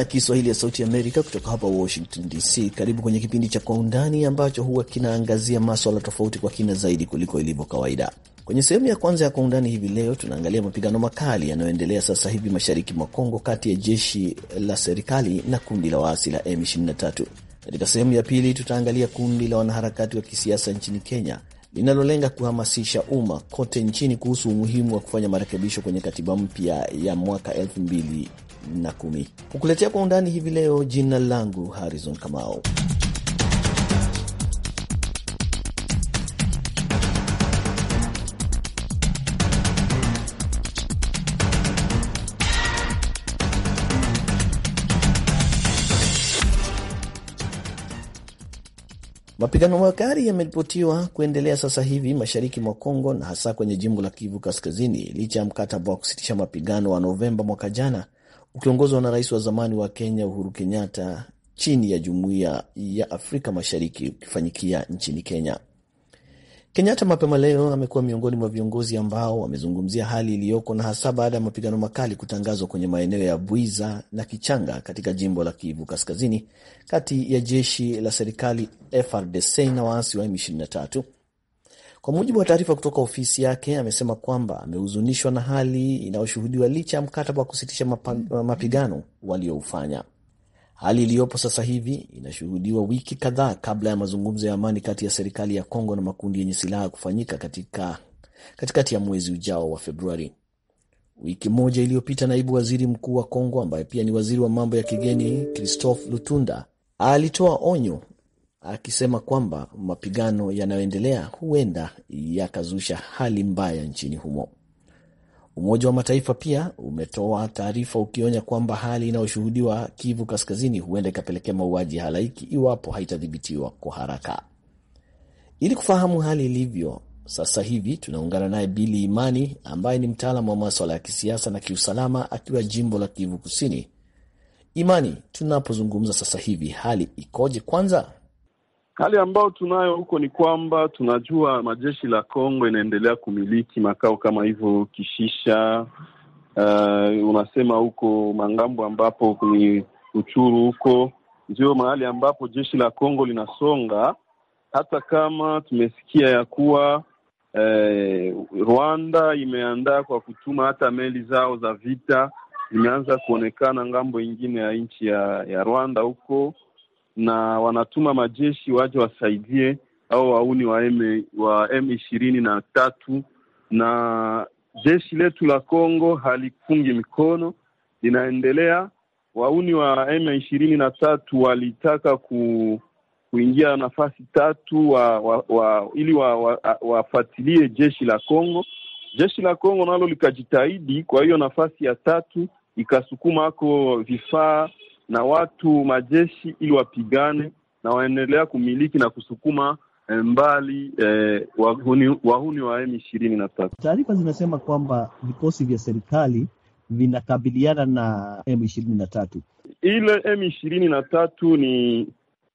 ya Kiswahili ya Sauti Amerika kutoka hapa Washington DC. Karibu kwenye kipindi cha Kwa Undani ambacho huwa kinaangazia maswala tofauti kwa kina zaidi kuliko ilivyo kawaida. Kwenye sehemu ya kwanza ya Kwa Undani hivi leo, tunaangalia mapigano makali yanayoendelea sasa hivi mashariki mwa Kongo kati ya jeshi la serikali na kundi la waasi la M23. Katika sehemu ya pili, tutaangalia kundi la wanaharakati wa kisiasa nchini Kenya linalolenga kuhamasisha umma kote nchini kuhusu umuhimu wa kufanya marekebisho kwenye katiba mpya ya mwaka 2020 na kumi. Kukuletea kwa undani hivi leo, jina langu Harrison Kamao. Mapigano makali yameripotiwa kuendelea sasa hivi mashariki mwa Kongo na hasa kwenye jimbo la Kivu Kaskazini, licha ya mkataba wa kusitisha mapigano wa Novemba mwaka jana ukiongozwa na rais wa zamani wa Kenya Uhuru Kenyatta chini ya Jumuiya ya Afrika Mashariki ukifanyikia nchini Kenya. Kenyatta mapema leo amekuwa miongoni mwa viongozi ambao wamezungumzia hali iliyoko na hasa baada ya mapigano makali kutangazwa kwenye maeneo ya Bwiza na Kichanga katika jimbo la Kivu Kaskazini, kati ya jeshi la serikali FRDC na waasi wa M23 kwa mujibu wa taarifa kutoka ofisi yake, amesema kwamba amehuzunishwa na hali inayoshuhudiwa licha ya mkataba wa kusitisha mapigano walioufanya. Hali iliyopo sasa hivi inashuhudiwa wiki kadhaa kabla ya mazungumzo ya amani kati ya serikali ya Kongo na makundi yenye silaha kufanyika katika katikati ya mwezi ujao wa Februari. Wiki moja iliyopita, naibu waziri mkuu wa Kongo ambaye pia ni waziri wa mambo ya kigeni Christophe Lutunda alitoa onyo akisema kwamba mapigano yanayoendelea huenda yakazusha hali mbaya nchini humo. Umoja wa Mataifa pia umetoa taarifa ukionya kwamba hali inayoshuhudiwa Kivu Kaskazini huenda ikapelekea mauaji ya halaiki iwapo haitadhibitiwa kwa haraka. Ili kufahamu hali ilivyo sasa hivi, tunaungana naye Bili Imani ambaye ni mtaalamu wa maswala ya kisiasa na kiusalama akiwa jimbo la Kivu Kusini. Imani, tunapozungumza sasa hivi hali ikoje? Kwanza Hali ambayo tunayo huko ni kwamba tunajua majeshi la Kongo inaendelea kumiliki makao kama hivyo Kishisha, uh, unasema huko mangambo ambapo ni uchuru huko ndio mahali ambapo jeshi la Kongo linasonga, hata kama tumesikia ya kuwa eh, Rwanda imeandaa kwa kutuma hata meli zao za vita zimeanza kuonekana ngambo ingine ya nchi ya, ya Rwanda huko na wanatuma majeshi waje wasaidie au wauni wa M wa M ishirini na tatu, na jeshi letu la Kongo halifungi mikono, linaendelea. Wauni wa M ishirini na tatu walitaka ku kuingia nafasi tatu wa, wa, wa, ili wafuatilie wa, wa jeshi la Kongo. Jeshi la Kongo nalo likajitahidi, kwa hiyo nafasi ya tatu ikasukuma ako vifaa na watu majeshi ili wapigane na waendelea kumiliki na kusukuma eh, mbali eh, wahuni, wahuni wa M ishirini na tatu. Taarifa zinasema kwamba vikosi vya serikali vinakabiliana na M ishirini na tatu. Ile M ishirini na tatu ni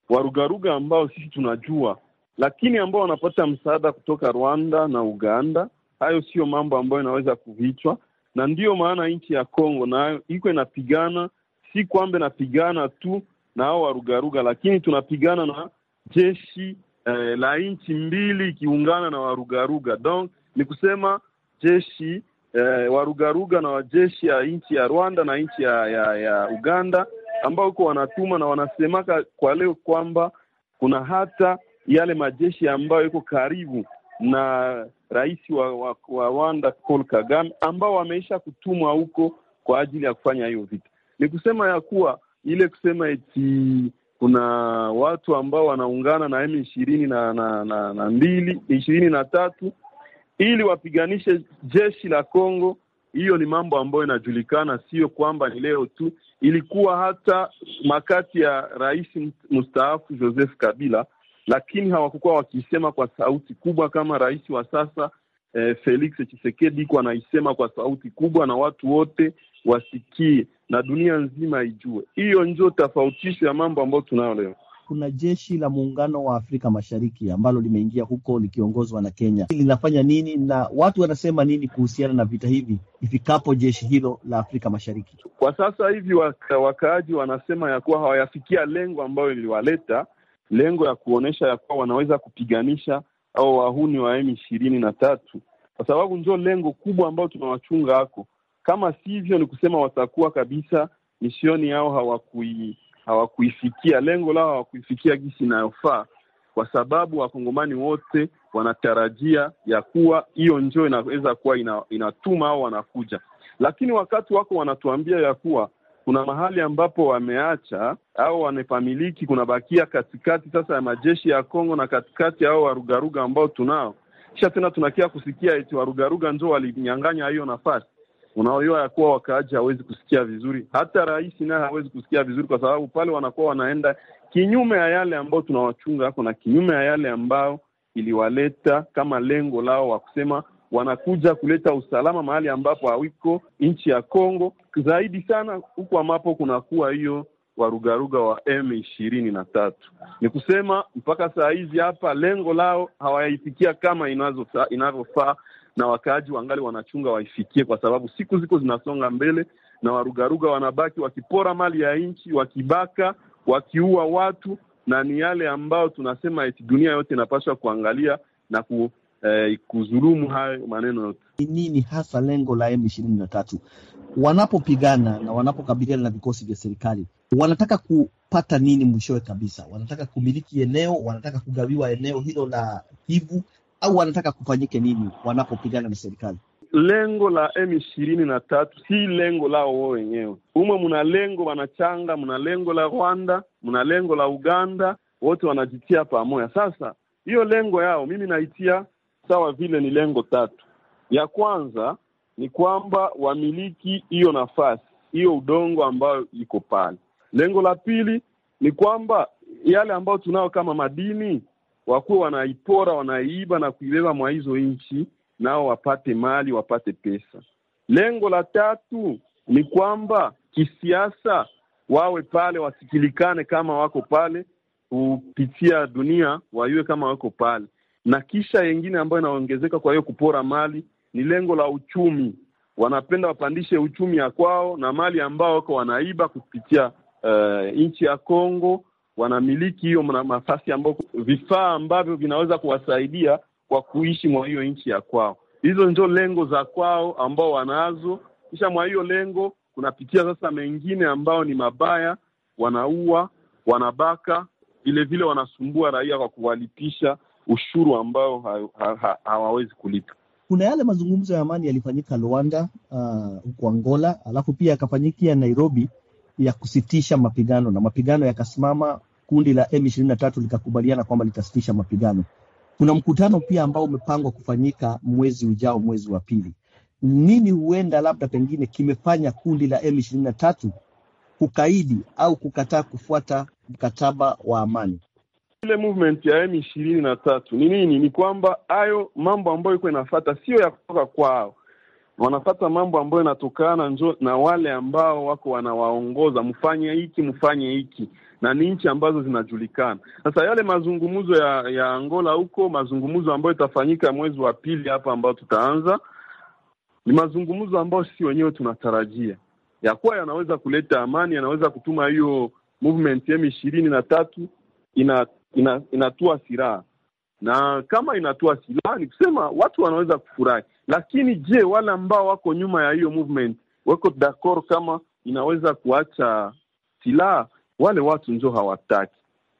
warugaruga ambao sisi tunajua, lakini ambao wanapata msaada kutoka Rwanda na Uganda. Hayo sio mambo ambayo inaweza kuvichwa, na ndiyo maana nchi ya Kongo nayo iko inapigana si kwamba napigana tu na hao warugaruga, lakini tunapigana na jeshi eh, la nchi mbili ikiungana na warugaruga. Donc ni kusema jeshi eh, warugaruga na wajeshi ya nchi ya Rwanda na nchi ya, ya, ya Uganda ambao uko wanatuma na wanasemaka kwa leo kwamba kuna hata yale majeshi ambayo yuko karibu na rais wa, wa, wa Rwanda Paul Kagame ambao wameisha kutumwa huko kwa ajili ya kufanya hiyo vita. Ni kusema ya kuwa ile kusema eti kuna watu ambao wanaungana na M ishirini na, na, na, na mbili ishirini na tatu ili wapiganishe jeshi la Kongo. Hiyo ni mambo ambayo inajulikana, sio kwamba ni leo tu. Ilikuwa hata makati ya rais mstaafu Joseph Kabila, lakini hawakukuwa wakisema kwa sauti kubwa kama rais wa sasa eh, Felix Tshisekedi iko anaisema kwa sauti kubwa na watu wote wasikie na dunia nzima ijue. Hiyo ndio tofautisho ya mambo ambayo tunayo leo. Kuna jeshi la muungano wa Afrika Mashariki ambalo limeingia huko likiongozwa na Kenya, linafanya nini na watu wanasema nini kuhusiana na vita hivi ifikapo jeshi hilo la Afrika Mashariki? Kwa sasa hivi waka, wakaaji wanasema ya kuwa hawayafikia lengo ambayo iliwaleta lengo ya kuonyesha ya kuwa wanaweza kupiganisha au wahuni wa M ishirini na tatu, kwa sababu ndio lengo kubwa ambayo tunawachunga hako kama sivyo, ni kusema watakuwa kabisa misioni yao hawakui hawakuifikia lengo lao, hawakuifikia gisi inayofaa, kwa sababu wakongomani wote wanatarajia ya kuwa hiyo njoo inaweza kuwa ina, inatuma au wanakuja, lakini wakati wako wanatuambia ya kuwa kuna mahali ambapo wameacha au wamepamiliki kunabakia katikati sasa ya majeshi ya Kongo na katikati ao warugaruga ambao tunao, kisha tena tunakia kusikia eti warugaruga njoo walinyang'anya hiyo nafasi unaojua ya kuwa wakaaji hawezi kusikia vizuri, hata rais naye hawezi kusikia vizuri, kwa sababu pale wanakuwa wanaenda kinyume ya yale ambayo tunawachunga hako na kinyume ya yale ambayo iliwaleta kama lengo lao wa kusema wanakuja kuleta usalama mahali ambapo hawiko nchi ya Kongo, zaidi sana huku ambapo kunakuwa hiyo warugaruga wa M ishirini na tatu. Ni kusema mpaka saa hizi hapa lengo lao hawayaifikia kama inavyofaa, na wakaaji wangali wanachunga waifikie, kwa sababu siku ziko zinasonga mbele na warugaruga wanabaki wakipora mali ya nchi, wakibaka, wakiua watu, na ni yale ambayo tunasema eti dunia yote inapaswa kuangalia na ku Eh, kuzulumu hayo maneno yote. Ni nini hasa lengo la M ishirini na tatu wanapopigana na wanapokabiliana na vikosi vya serikali? Wanataka kupata nini mwishowe kabisa? Wanataka kumiliki eneo, wanataka kugawiwa eneo hilo la Kivu, au wanataka kufanyike nini wanapopigana na serikali? Lengo la M ishirini na tatu si lengo lao wao wenyewe. Umwe mna lengo wanachanga, mna lengo la Rwanda, mna lengo la Uganda, wote wanajitia pamoja. Sasa hiyo lengo yao mimi naitia sawa vile ni lengo tatu. Ya kwanza ni kwamba wamiliki hiyo nafasi hiyo udongo ambayo iko pale. Lengo la pili ni kwamba yale ambayo tunayo kama madini wakuwe wanaipora wanaiiba na kuibeba mwa hizo nchi, nao wapate mali, wapate pesa. Lengo la tatu ni kwamba kisiasa wawe pale, wasikilikane kama wako pale, kupitia dunia wayue kama wako pale, na kisha yengine ambayo inaongezeka. Kwa hiyo kupora mali ni lengo la uchumi, wanapenda wapandishe uchumi ya kwao na mali ambao wako wanaiba kupitia uh, nchi ya Kongo wanamiliki hiyo nafasi ambayo vifaa ambavyo vinaweza kuwasaidia kwa kuishi mwa hiyo nchi ya kwao. Hizo ndio lengo za kwao ambao wanazo. Kisha mwa hiyo lengo kunapitia sasa mengine ambayo ni mabaya, wanaua, wanabaka, vilevile wanasumbua raia kwa kuwalipisha ushuru ambao hawawezi kulipa. Kuna yale mazungumzo ya amani yalifanyika Luanda ah, huko uh, Angola, alafu pia yakafanyikia Nairobi ya kusitisha mapigano na mapigano yakasimama kundi la M23 likakubaliana kwamba litasitisha mapigano. Kuna mkutano pia ambao umepangwa kufanyika mwezi ujao, mwezi wa pili. Nini huenda labda pengine kimefanya kundi la M23 kukaidi au kukataa kufuata mkataba wa amani? Ile movement ya M 23 na tatu ni nini? Ni kwamba hayo mambo ambayo iko inafata sio ya kutoka kwao, wanafata mambo ambayo inatokana njo na wale ambao wako wanawaongoza, mfanye hiki mfanye hiki na ni nchi ambazo zinajulikana. Sasa yale mazungumzo ya, ya Angola huko, mazungumzo ambayo itafanyika mwezi wa pili hapa, ambayo tutaanza, ni mazungumzo ambayo sisi wenyewe tunatarajia ya kuwa yanaweza kuleta amani, yanaweza kutuma hiyo movement M ishirini na tatu ina, ina, inatua silaha na kama inatua silaha ni kusema watu wanaweza kufurahi, lakini je, wale ambao wako nyuma ya hiyo movement wako dakor kama inaweza kuacha silaha? wale watu njo hawataki,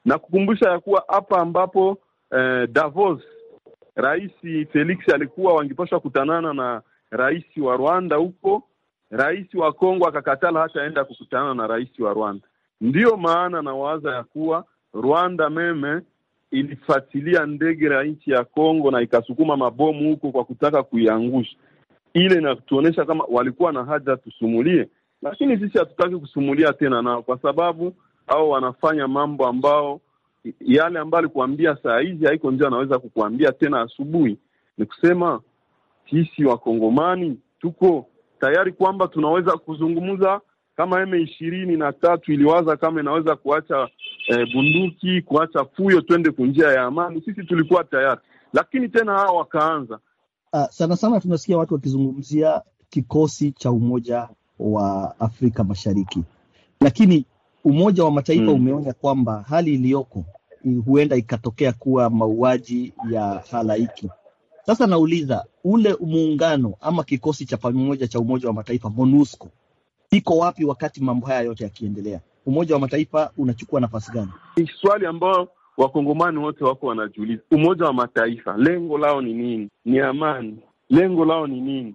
na kukumbusha ya kuwa hapa ambapo eh, Davos Rais Felix alikuwa wangepashwa kutanana na rais wa Rwanda huko, rais wa Kongo akakatala hata aenda kukutana na rais wa Rwanda. Ndiyo maana nawaza ya kuwa Rwanda meme ilifatilia ndege la nchi ya Kongo na ikasukuma mabomu huko kwa kutaka kuiangusha. Ile inatuonyesha kama walikuwa na haja tusumulie, lakini sisi hatutaki kusumulia tena nao, kwa sababu au wanafanya mambo ambao yale ambayo alikuambia saa hizi haiko ndio anaweza kukuambia tena asubuhi. Ni kusema sisi wakongomani tuko tayari kwamba tunaweza kuzungumza kama eme ishirini na tatu iliwaza kama inaweza kuacha eh, bunduki kuacha fuyo, twende kunjia ya amani. Sisi tulikuwa tayari, lakini tena hao wakaanza uh, sana sana tunasikia watu wakizungumzia kikosi cha Umoja wa Afrika Mashariki, lakini Umoja wa Mataifa hmm, umeonya kwamba hali iliyoko huenda ikatokea kuwa mauaji ya halaiki. Sasa nauliza ule muungano ama kikosi cha pamoja cha Umoja wa Mataifa MONUSCO iko wapi wakati mambo haya yote yakiendelea? Umoja wa Mataifa unachukua nafasi gani? Ni swali ambayo wakongomani wote wako wanajiuliza. Umoja wa Mataifa lengo lao ni nini? Ni amani. Lengo lao ni nini?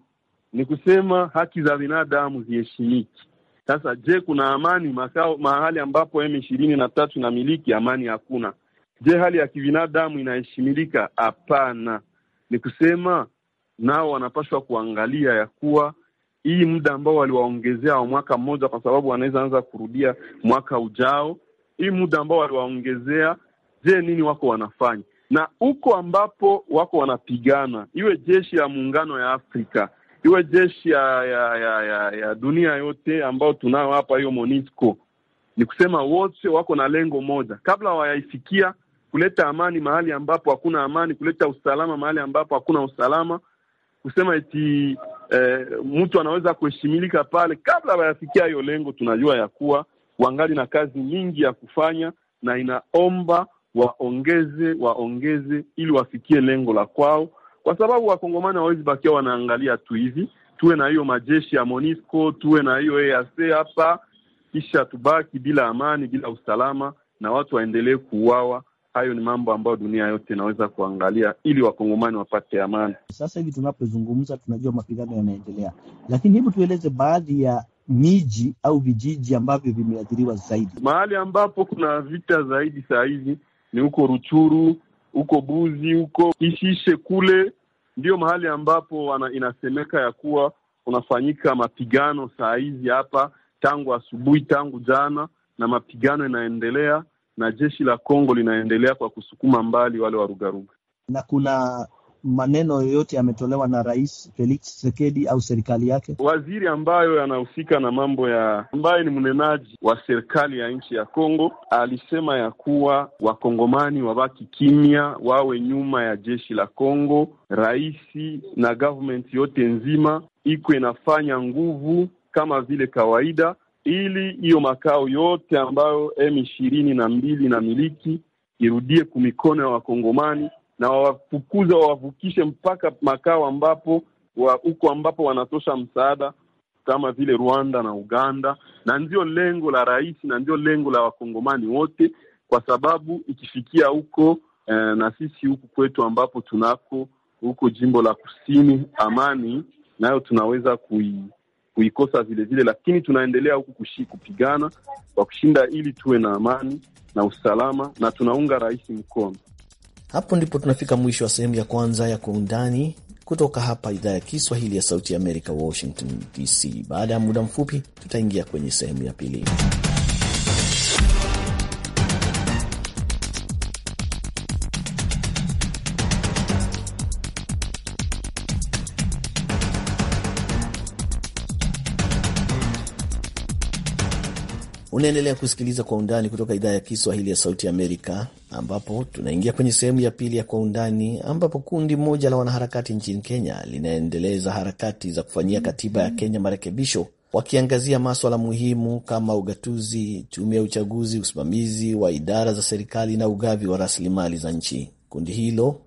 Ni kusema haki za binadamu ziheshimiki. Sasa je, kuna amani makao mahali ambapo M ishirini na tatu na miliki amani? Hakuna. Je, hali ya kibinadamu inaheshimilika? Hapana. Ni kusema nao wanapaswa kuangalia ya kuwa hii muda ambao waliwaongezea wa mwaka mmoja, kwa sababu wanaweza anza kurudia mwaka ujao. Hii muda ambao waliwaongezea, je, nini wako wanafanya? Na huko ambapo wako wanapigana, iwe jeshi ya muungano ya Afrika iwe jeshi ya ya, ya ya ya dunia yote ambao tunayo hapa, hiyo MONUSCO, ni kusema wote wako na lengo moja, kabla wayaifikia kuleta amani mahali ambapo hakuna amani, kuleta usalama mahali ambapo hakuna usalama, kusema eti eh, mtu anaweza kuheshimilika pale. Kabla wayafikia hiyo lengo, tunajua ya kuwa wangali na kazi nyingi ya kufanya, na inaomba waongeze waongeze, ili wafikie lengo la kwao kwa sababu wakongomani hawawezi bakia wanaangalia tu hivi. Tuwe na hiyo majeshi ya Monisco, tuwe na hiyo EAC hapa, kisha tubaki bila amani, bila usalama, na watu waendelee kuuawa. Hayo ni mambo ambayo dunia yote inaweza kuangalia ili wakongomani wapate amani. Sasa hivi tunapozungumza, tunajua mapigano yanaendelea, lakini hebu tueleze baadhi ya miji au vijiji ambavyo vimeathiriwa zaidi. Mahali ambapo kuna vita zaidi saa hizi ni huko Ruchuru, huko Buzi, huko Kishishe kule ndiyo mahali ambapo wana, inasemeka ya kuwa kunafanyika mapigano saa hizi hapa tangu asubuhi, tangu jana, na mapigano inaendelea na jeshi la Kongo linaendelea kwa kusukuma mbali wale warugaruga, na kuna maneno yoyote yametolewa na Rais Felix Tshisekedi au serikali yake? Waziri ambayo yanahusika na mambo ya ambaye ni mnenaji wa serikali ya nchi ya Kongo alisema ya kuwa wakongomani wabaki kimya, wawe nyuma ya jeshi la Kongo, raisi na government yote nzima ikwe inafanya nguvu kama vile kawaida, ili hiyo makao yote ambayo M ishirini na mbili na miliki irudie kumikono ya wakongomani na wawafukuze wawavukishe mpaka makao ambapo huko wa, ambapo wanatosha msaada kama vile Rwanda na Uganda, na ndio lengo la rais na ndio lengo la wakongomani wote, kwa sababu ikifikia huko eh, na sisi huku kwetu ambapo tunako huko jimbo la kusini, amani nayo tunaweza kui, kuikosa vile vile, lakini tunaendelea huku kushi, kupigana kwa kushinda ili tuwe na amani na usalama, na tunaunga rais mkono. Hapo ndipo tunafika mwisho wa sehemu ya kwanza ya Kwa Undani kutoka hapa idhaa ya Kiswahili ya Sauti ya Amerika, Washington DC. Baada ya muda mfupi, tutaingia kwenye sehemu ya pili. Unaendelea kusikiliza Kwa Undani kutoka idhaa ya Kiswahili ya Sauti Amerika ambapo tunaingia kwenye sehemu ya pili ya Kwa Undani, ambapo kundi moja la wanaharakati nchini Kenya linaendeleza harakati za kufanyia katiba ya Kenya marekebisho, wakiangazia maswala muhimu kama ugatuzi, tume ya uchaguzi, usimamizi wa idara za serikali na ugavi wa rasilimali za nchi. Kundi hilo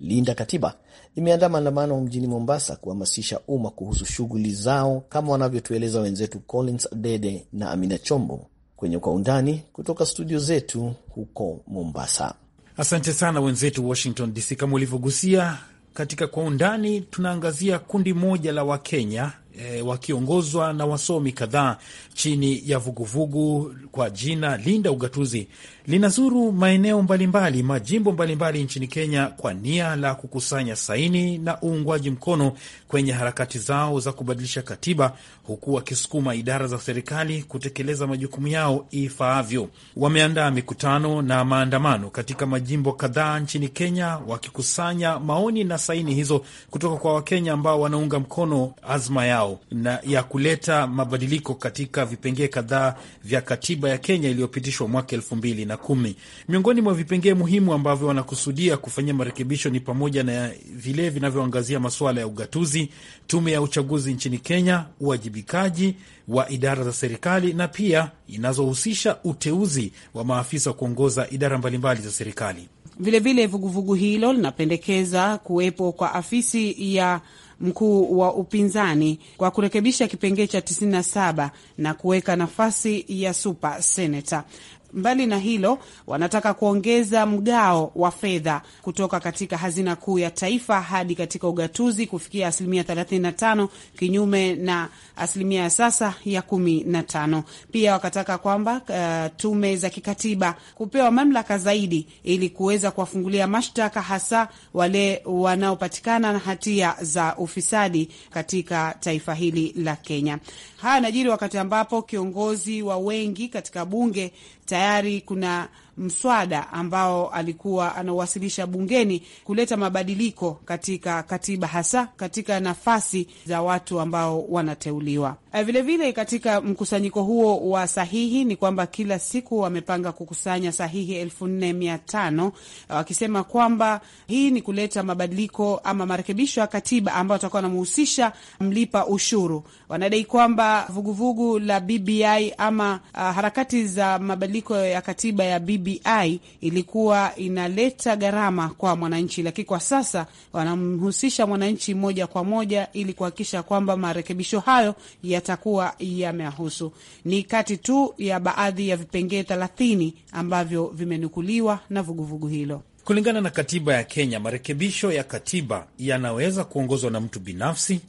Linda Katiba limeandaa maandamano mjini Mombasa kuhamasisha umma kuhusu shughuli zao, kama wanavyotueleza wenzetu Collins Dede na Amina Chombo kwenye Kwa Undani kutoka studio zetu huko Mombasa. Asante sana wenzetu Washington DC. Kama ulivyogusia katika Kwa Undani, tunaangazia kundi moja la Wakenya e, wakiongozwa na wasomi kadhaa chini ya vuguvugu vugu kwa jina Linda Ugatuzi linazuru maeneo mbalimbali, majimbo mbalimbali nchini Kenya kwa nia la kukusanya saini na uungwaji mkono kwenye harakati zao za kubadilisha katiba, huku wakisukuma idara za serikali kutekeleza majukumu yao ifaavyo. Wameandaa mikutano na maandamano katika majimbo kadhaa nchini Kenya, wakikusanya maoni na saini hizo kutoka kwa Wakenya ambao wanaunga mkono azma yao na ya kuleta mabadiliko katika vipengee kadhaa vya katiba ya Kenya iliyopitishwa mwaka elfu mbili na kumi. Miongoni mwa vipengee muhimu ambavyo wanakusudia kufanyia marekebisho ni pamoja na vile vinavyoangazia masuala ya ugatuzi, tume ya uchaguzi nchini Kenya, uwajibikaji wa idara za serikali na pia inazohusisha uteuzi wa maafisa wa kuongoza idara mbalimbali za serikali. Vilevile vuguvugu hilo linapendekeza kuwepo kwa afisi ya mkuu wa upinzani kwa kurekebisha kipengee cha 97 na kuweka nafasi ya super seneta. Mbali na hilo, wanataka kuongeza mgao wa fedha kutoka katika hazina kuu ya taifa hadi katika ugatuzi kufikia asilimia 35 kinyume na asilimia ya sasa ya 15. Pia wakataka kwamba uh, tume za kikatiba kupewa mamlaka zaidi ili kuweza kuwafungulia mashtaka hasa wale wanaopatikana na hatia za ufisadi katika taifa hili la Kenya. Haya najiri wakati ambapo kiongozi wa wengi katika bunge tayari kuna mswada ambao alikuwa anawasilisha bungeni kuleta mabadiliko katika katiba, hasa katika nafasi za watu ambao wanateuliwa. Vilevile eh, vile katika mkusanyiko huo wa sahihi ni kwamba kila siku wamepanga kukusanya sahihi elfu nne mia tano eh, wakisema kwamba hii ni kuleta mabadiliko ama marekebisho ya katiba ambayo watakuwa wanamhusisha mlipa ushuru. Wanadai kwamba vuguvugu la BBI ama uh, harakati za mabadiliko ya katiba ya BBI BBI ilikuwa inaleta gharama kwa mwananchi, lakini kwa sasa wanamhusisha mwananchi moja kwa moja ili kuhakikisha kwamba marekebisho hayo yatakuwa yameahusu. Ni kati tu ya baadhi ya vipengee thelathini ambavyo vimenukuliwa na vuguvugu vugu hilo. Kulingana na katiba ya Kenya, marekebisho ya katiba yanaweza kuongozwa na mtu binafsi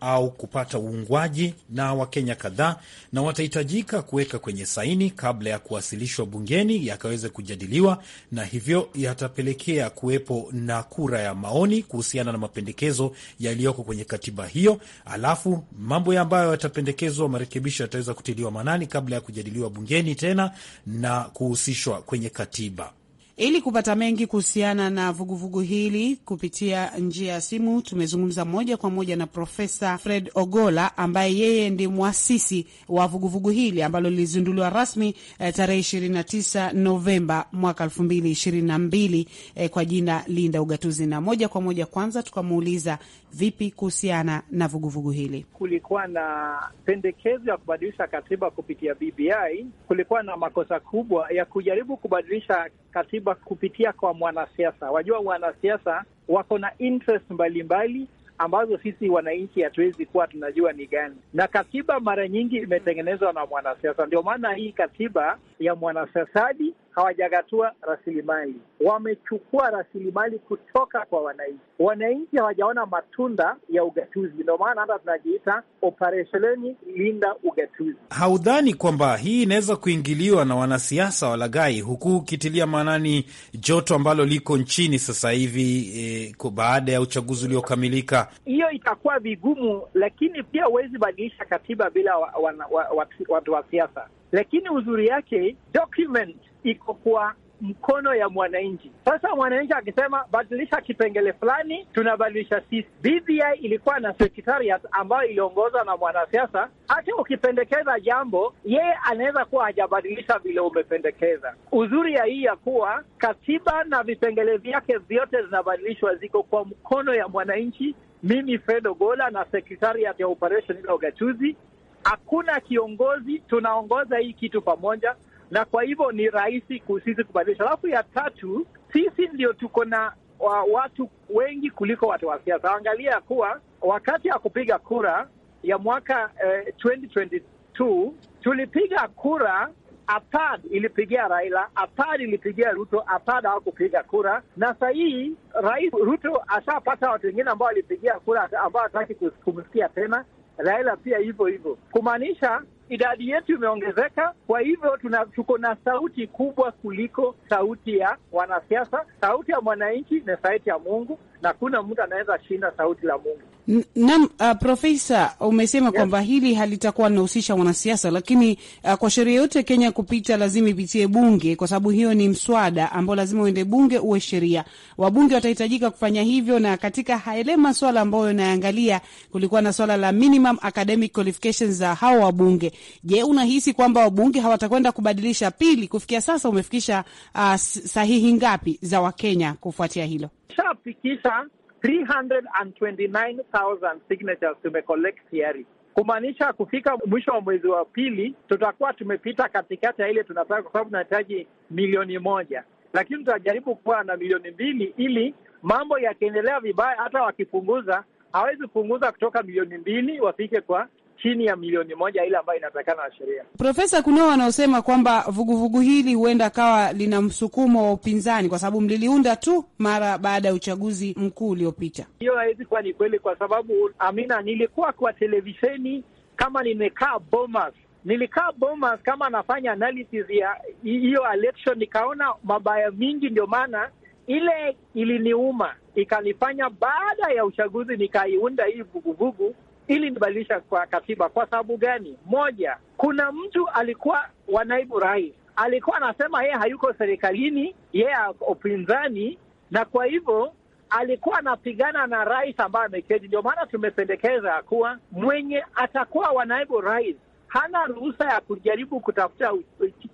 au kupata uungwaji na Wakenya kadhaa, na watahitajika kuweka kwenye saini kabla ya kuwasilishwa bungeni yakaweze kujadiliwa, na hivyo yatapelekea kuwepo na kura ya maoni kuhusiana na mapendekezo yaliyoko kwenye katiba hiyo. Alafu mambo ya ambayo yatapendekezwa, marekebisho yataweza kutiliwa manani kabla ya kujadiliwa bungeni tena na kuhusishwa kwenye katiba. Ili kupata mengi kuhusiana na vuguvugu hili kupitia njia ya simu, tumezungumza moja kwa moja na Profesa Fred Ogola ambaye yeye ndi mwasisi wa vuguvugu hili ambalo lilizinduliwa rasmi eh, tarehe 29 Novemba mwaka 2022 eh, kwa jina Linda Ugatuzi. Na moja kwa moja kwanza tukamuuliza vipi kuhusiana na vuguvugu hili? Kulikuwa na pendekezo ya kubadilisha katiba kupitia BBI. Kulikuwa na makosa kubwa ya kujaribu kubadilisha katiba kupitia kwa mwanasiasa. Wajua, wanasiasa wako na interest mbalimbali ambazo sisi wananchi hatuwezi kuwa tunajua ni gani, na katiba mara nyingi imetengenezwa na mwanasiasa. Ndio maana hii katiba ya mwanasiasadi hawajagatua rasilimali, wamechukua rasilimali kutoka kwa wananchi. Wananchi hawajaona matunda ya ugatuzi, ndio maana hata tunajiita operesheni linda ugatuzi. Haudhani kwamba hii inaweza kuingiliwa na wanasiasa walaghai, huku ukitilia maanani joto ambalo liko nchini sasa hivi eh, baada ya uchaguzi uliokamilika? Hiyo itakuwa vigumu, lakini pia huwezi badilisha katiba bila watu wa, wa, wa, wa, wa, wa siasa lakini uzuri yake document iko kwa mkono ya mwananchi. Sasa mwananchi akisema badilisha kipengele fulani, tunabadilisha sisi. BBI ilikuwa na sekretariat ambayo iliongozwa na mwanasiasa. Hata ukipendekeza jambo, yeye anaweza kuwa hajabadilisha vile umependekeza. Uzuri ya hii ya kuwa katiba na vipengele vyake vyote zinabadilishwa, ziko kwa mkono ya mwananchi. Mimi Fredo Gola na sekretariat ya operation ila ugatuzi, hakuna kiongozi, tunaongoza hii kitu pamoja na kwa hivyo ni rahisi sisi kubadilisha. Alafu ya tatu, sisi ndio tuko na wa watu wengi kuliko watu wa siasa. Waangalia ya kuwa wakati ya kupiga kura ya mwaka eh, 2022 tulipiga kura APAD ilipigia Raila, APAD ilipigia Ruto, APAD hawakupiga kura. Na saa hii Rais Ruto ashapata watu wengine ambao walipigia kura ambao hataki kumsikia tena, Raila pia hivyo hivyo, kumaanisha idadi yetu imeongezeka, kwa hivyo tuna, tuko na sauti kubwa kuliko sauti ya wanasiasa. Sauti ya mwananchi ni sauti ya Mungu, na kuna mtu anaweza shinda sauti la Mungu. Naam, uh, Profesa, umesema yes, kwamba hili halitakuwa linahusisha wanasiasa, lakini uh, kwa sheria yote Kenya kupita lazima ipitie bunge, kwa sababu hiyo ni mswada ambao lazima uende bunge uwe sheria. Wabunge watahitajika kufanya hivyo, na katika yale maswala ambayo inaangalia, kulikuwa na swala la minimum academic qualifications za hao wabunge. Je, unahisi kwamba wabunge hawatakwenda kubadilisha? Pili, kufikia sasa umefikisha uh, sahihi ngapi za Wakenya kufuatia hilo? Shafikisha 329,000 signatures tumecollect hiari kumaanisha kufika mwisho wa mwezi wa pili tutakuwa tumepita katikati ya ile tunataka, kwa sababu tunahitaji milioni moja, lakini tutajaribu kuwa na milioni mbili, ili mambo yakiendelea vibaya, hata wakipunguza hawezi punguza kutoka milioni mbili wafike kwa chini ya milioni moja ile ambayo inatakana na sheria. Profesa, kunao wanaosema kwamba vuguvugu hili huenda akawa lina msukumo wa upinzani kwa sababu mliliunda tu mara baada ya uchaguzi mkuu uliopita. Hiyo haiwezi kuwa ni kweli kwa sababu, Amina, nilikuwa kwa televisheni kama nimekaa Bomas nilikaa Bomas kama anafanya analysis ya hiyo election, nikaona mabaya mingi, ndio maana ile iliniuma ikanifanya baada ya uchaguzi nikaiunda hii vuguvugu ili nibadilisha kwa katiba. Kwa sababu gani? Moja, kuna mtu alikuwa wa naibu rais alikuwa anasema yeye hayuko serikalini, yeye upinzani, na kwa hivyo alikuwa anapigana na rais ambaye ameketi. Ndio maana tumependekeza kuwa mwenye atakuwa wa naibu rais hana ruhusa ya kujaribu kutafuta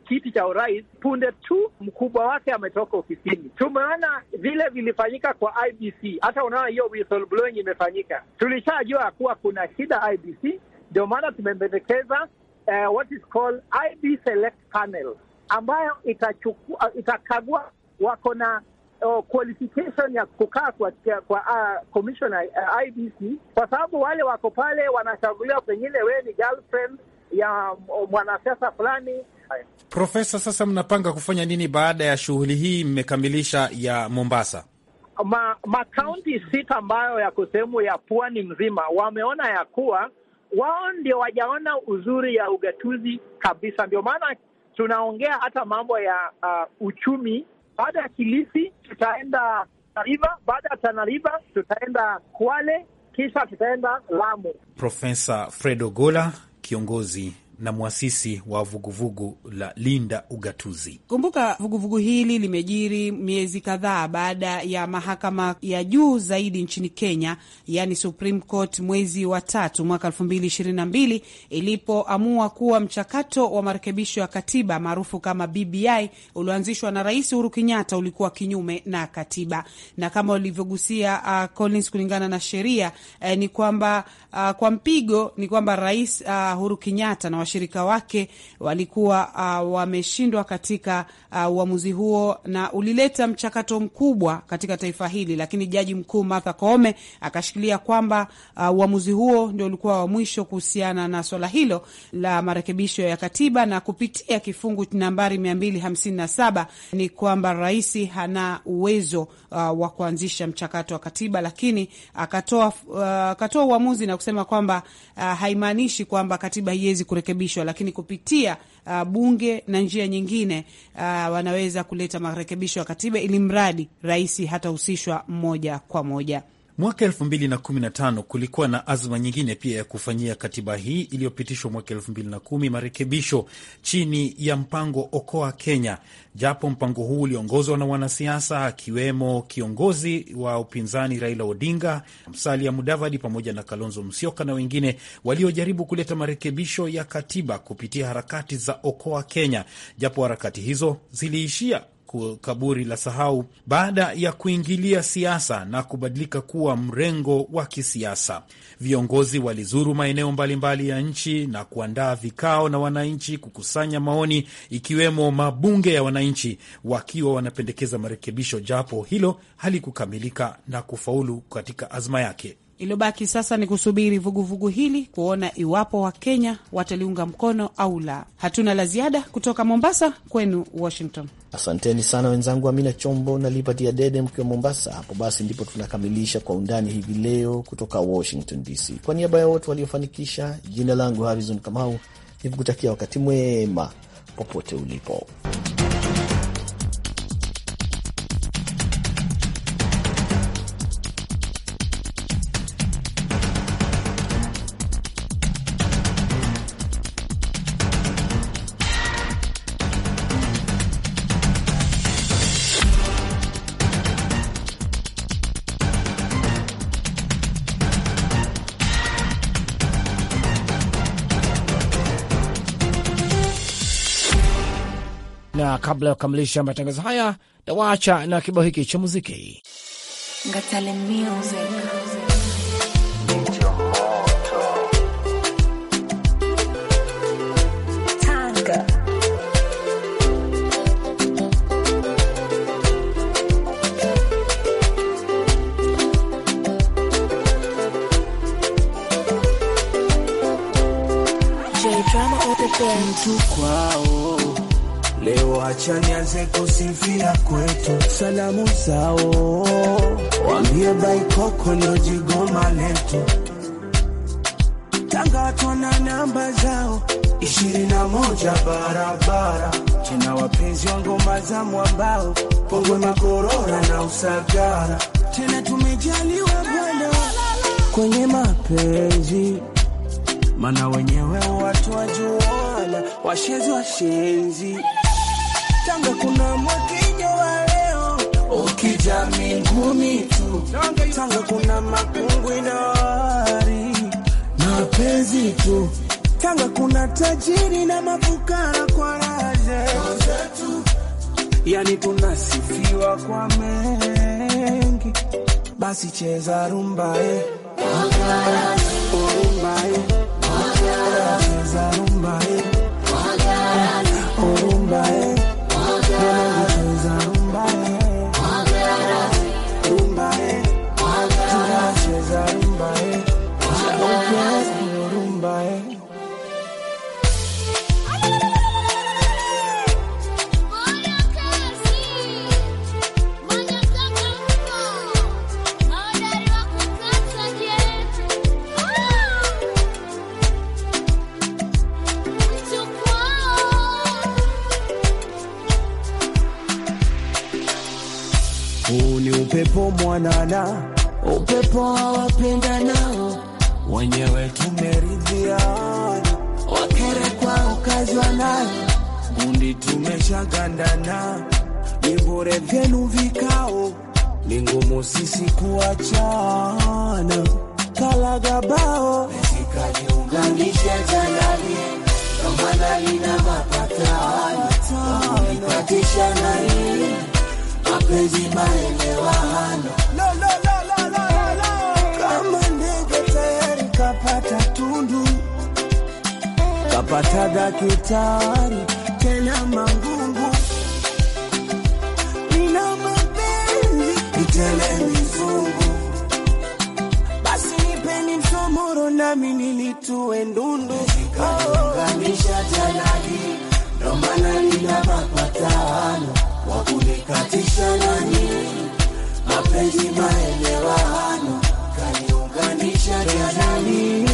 kiti cha urais punde tu mkubwa wake ametoka ofisini. Tumeona vile vilifanyika kwa IBC, hata unaona hiyo whistleblowing imefanyika. Tulishajua kuwa kuna shida IBC, ndio maana tumependekeza uh, eh, what is called IB select panel ambayo itachukua itakagua wako na Oh, qualification ya kukaa kwa, kwa uh, commissioner uh, eh, IBC, kwa sababu wale wako pale wanachaguliwa, pengine wewe ni girlfriend ya mwanasiasa fulani. Profesa, sasa mnapanga kufanya nini baada ya shughuli hii mmekamilisha ya Mombasa? Ma, makaunti sita ambayo yako sehemu ya pwani mzima wameona ya kuwa wao ndio wajaona uzuri ya ugatuzi kabisa. Ndio maana tunaongea hata mambo ya uh, uchumi. Baada ya Kilisi tutaenda Tanariva, baada ya Tanariva tutaenda Kwale, kisha tutaenda Lamu. Profesa Fredo Gola Kiongozi na mwasisi wa vuguvugu vugu la Linda Ugatuzi. Kumbuka vuguvugu vugu hili limejiri miezi kadhaa baada ya mahakama ya juu zaidi nchini Kenya, yani Supreme Court, mwezi wa tatu mwaka elfu mbili ishirini na mbili ilipoamua kuwa mchakato wa marekebisho ya katiba maarufu kama BBI ulioanzishwa na Rais Uhuru Kenyatta ulikuwa kinyume na katiba, na kama ulivyogusia uh, Collins, kulingana na sheria eh, ni kwamba uh, kwa mpigo ni kwamba Rais uh, Uhuru Kenyatta na washirika wake walikuwa uh, wameshindwa katika uh, uamuzi uh, huo, na ulileta mchakato mkubwa katika taifa hili, lakini jaji mkuu Martha Koome akashikilia kwamba uh, uamuzi uh, huo ndio ulikuwa wa mwisho kuhusiana na swala hilo la marekebisho ya katiba, na kupitia kifungu nambari 257 ni kwamba rais hana uwezo uh, wa kuanzisha mchakato wa katiba, lakini akatoa uh, akatoa uamuzi na kusema kwamba uh, haimaanishi kwamba katiba haiwezi kurekebishwa marekebisho, lakini kupitia uh, bunge na njia nyingine uh, wanaweza kuleta marekebisho ya katiba, ili mradi rais hatahusishwa moja kwa moja. Mwaka 2015 kulikuwa na azma nyingine pia ya kufanyia katiba hii iliyopitishwa mwaka 2010 marekebisho chini ya mpango Okoa Kenya, japo mpango huu uliongozwa na wanasiasa akiwemo kiongozi wa upinzani Raila Odinga, Musalia Mudavadi pamoja na Kalonzo Musyoka na wengine waliojaribu kuleta marekebisho ya katiba kupitia harakati za Okoa Kenya, japo harakati hizo ziliishia kaburi la sahau baada ya kuingilia siasa na kubadilika kuwa mrengo wa kisiasa. Viongozi walizuru maeneo mbalimbali ya nchi na kuandaa vikao na wananchi kukusanya maoni, ikiwemo mabunge ya wananchi wakiwa wanapendekeza marekebisho, japo hilo halikukamilika na kufaulu katika azma yake. Iliyobaki sasa ni kusubiri vuguvugu vugu hili kuona iwapo Wakenya wataliunga mkono au la. Hatuna la ziada kutoka Mombasa, kwenu Washington. Asanteni sana wenzangu Amina Chombo na Liberty Adede mkiwa Mombasa. Hapo basi ndipo tunakamilisha Kwa Undani hivi leo kutoka Washington DC. Kwa niaba ya wote waliofanikisha, jina langu Harrison Kamau nikukutakia wakati mwema popote ulipo. kabla ya kukamilisha matangazo haya nawaacha na kibao hiki cha muziki mtu kwao leo, acha nianze kusifia kwetu, salamu zao wambie koko ndio jigoma letu, Tanga watu na namba zao ishirini na moja barabara tena, wapenzi wa ngoma za mwambao, Pongwe, Makorora na Usagara, tena tumejaliwa bwana kwenye mapenzi mana wenyewe watu wajuana, washezi washenzi Tanga kuna mwakinyo wa leo, ukija mingumi tu. Tanga kuna makungwi na wari, mapenzi tu. Tanga kuna tajiri na mafukara kwa raje, yani tunasifiwa kwa mengi. Basi cheza rumba eh, rumba eh, cheza rumba eh kupendana, upepo wawapinda nao wenyewe tumeridhiana, wakere kwa kazwa nayo tumeshagandana, vivure vyenu vikao ni ngumu sisi kuachana, kalagabao zikaliunganisha janani amana lina mapatano kupatisha nai mapenzi maelewano Pata daktari tena mangungu, nina mapenzi itele mizungu, basi nipeni msomoro nami nilitue ndundu kanisha janani, ndo maana nina mapatano wakunikatisha nani, mapenzi maelewano kaniunganisha janani